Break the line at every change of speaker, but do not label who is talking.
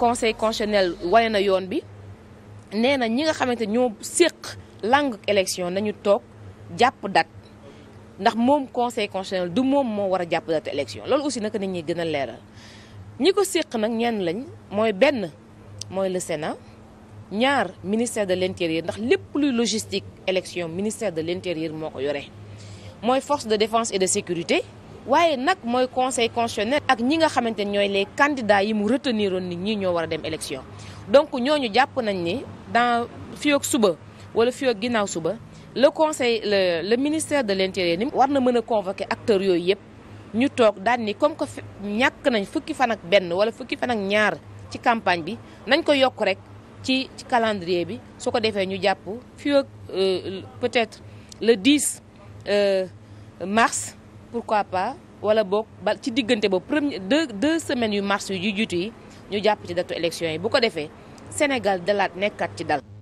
conseil constitutionnel wane na yoon bi nee na ñi nga xamante ñoo séq langue élection nañu toog jàpp dat ndax moom conseil constitutionnel du moom moo war a jàpp date élection loolu aussi naka nit ñi gën a leeral ñi ko séq nag ñenn lañ mooy benn mooy le Sénat ñaar ministère de l'intérieur ndax lépp luy logistique élection ministère de l'intérieur moo ko yore mooy force de défence et de sécurité waaye nag mooy conseil constitutionnel ak ñi nga xamante ni ñooy les candidats yi mu retenir oon nit ñi ñoo war a dem élection donc ñooñu jàpp nañ ni dans fii suba wala fii ginnaaw suba le conseil le le ministère de l'intérieur ni war na mën a convoquer acteur yooyu yëpp ñu toog daal ni comme que ñàkk nañ fukki fan ak benn wala fukki fan ak ñaar ci campagne bi nañ ko yokk rek ci ci calendrier bi su ko defee ñu jàpp fii ak euh, peut-être le 10 euh, mars. pourquoi pas wala boog ba ci diggante boobu premier deux deux semaines yu mars yu jiitu yi ñu jàpp ci datu élection yi bu ko defee Sénégal dalaat nekkaat ci dal